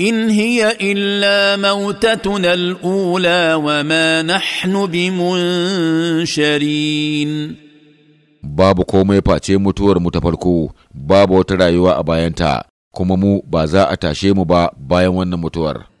ان هي الا موتتنا الاولى وما نحن بمنشرين babu komai face mutuwar mu ta farko babu wata rayuwa a bayanta kuma mu ba za a tashe mu ba bayan wannan mutuwar